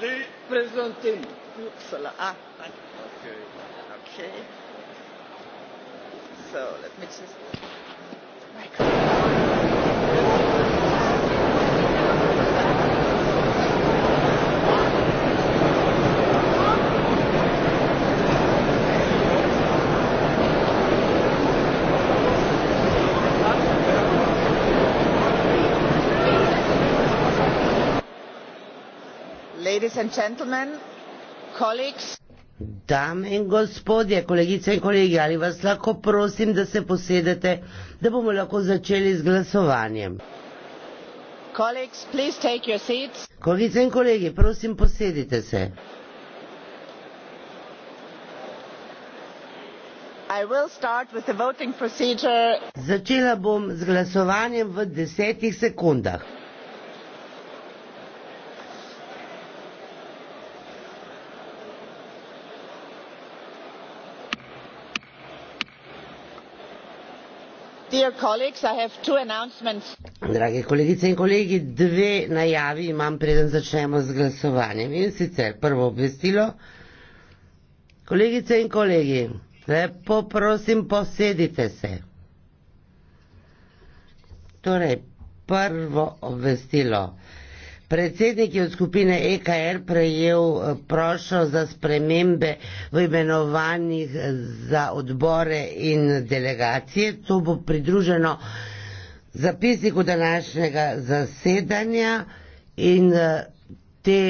de présenter Ursula. Ah, okay. okay. So let me just. Michael. Ladies and gentlemen, colleagues. Dame in gospodje, kolegice in kolegi, ali vas lahko prosim, da se posedete, da bomo lahko začeli z glasovanjem. Kolegice in kolegi, prosim, posedite se. Začela bom z glasovanjem v desetih sekundah. Dragi kolegice in kolegi, dve najavi imam, preden začnemo z glasovanjem. In sicer prvo obvestilo. Kolegice in kolegi, lepo prosim, posedite se. Torej, prvo obvestilo. Predsednik je od skupine EKR prejel eh, prošlo za spremembe v imenovanjih eh, za odbore in delegacije. To bo pridruženo zapisniku današnjega zasedanja in eh, te,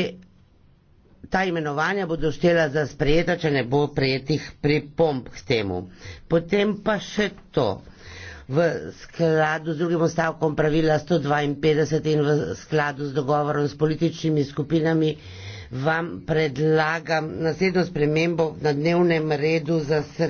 ta imenovanja bodo štela za sprejeta, če ne bo prijetih pripomb k temu. Potem pa še to v skladu z drugim stavkom pravila 152 in v skladu z dogovorom s političnimi skupinami vam predlagam naslednjo spremembo na dnevnem redu za sredo.